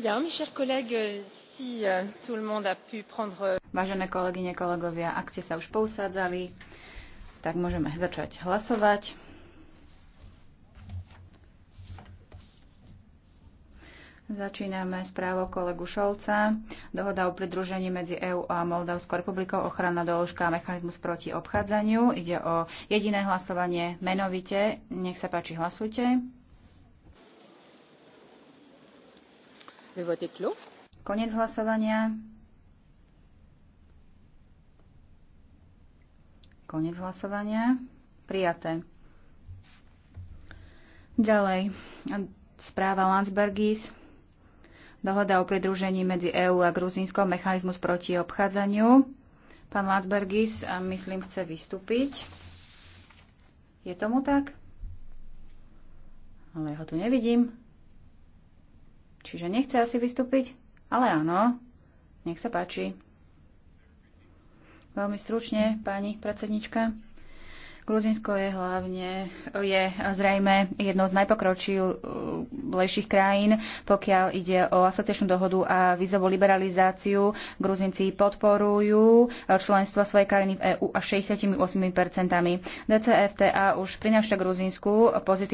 Euh, euh, Vážené kolegyne, kolegovia, ak ste sa už pousádzali, tak môžeme začať hlasovať. Začíname správo kolegu Šolca. Dohoda o pridružení medzi EÚ a Moldavskou republikou, ochrana doložka a mechanizmus proti obchádzaniu. Ide o jediné hlasovanie menovite. Nech sa páči, hlasujte. Konec hlasovania. Konec hlasovania. Prijaté. Ďalej. Správa Landsbergis. Dohoda o pridružení medzi EÚ a Gruzínskou mechanizmus proti obchádzaniu. Pán Landsbergis, myslím, chce vystúpiť. Je tomu tak? Ale ja ho tu nevidím. Čiže nechce asi vystúpiť? Ale áno. Nech sa páči. Veľmi stručne, pani predsednička. Gruzinsko je hlavne, je zrejme jednou z najpokročilejších krajín, pokiaľ ide o asociačnú dohodu a vízovú liberalizáciu. Gruzinci podporujú členstvo svojej krajiny v EÚ až 68%. DCFTA už prináša Gruzinsku pozitívne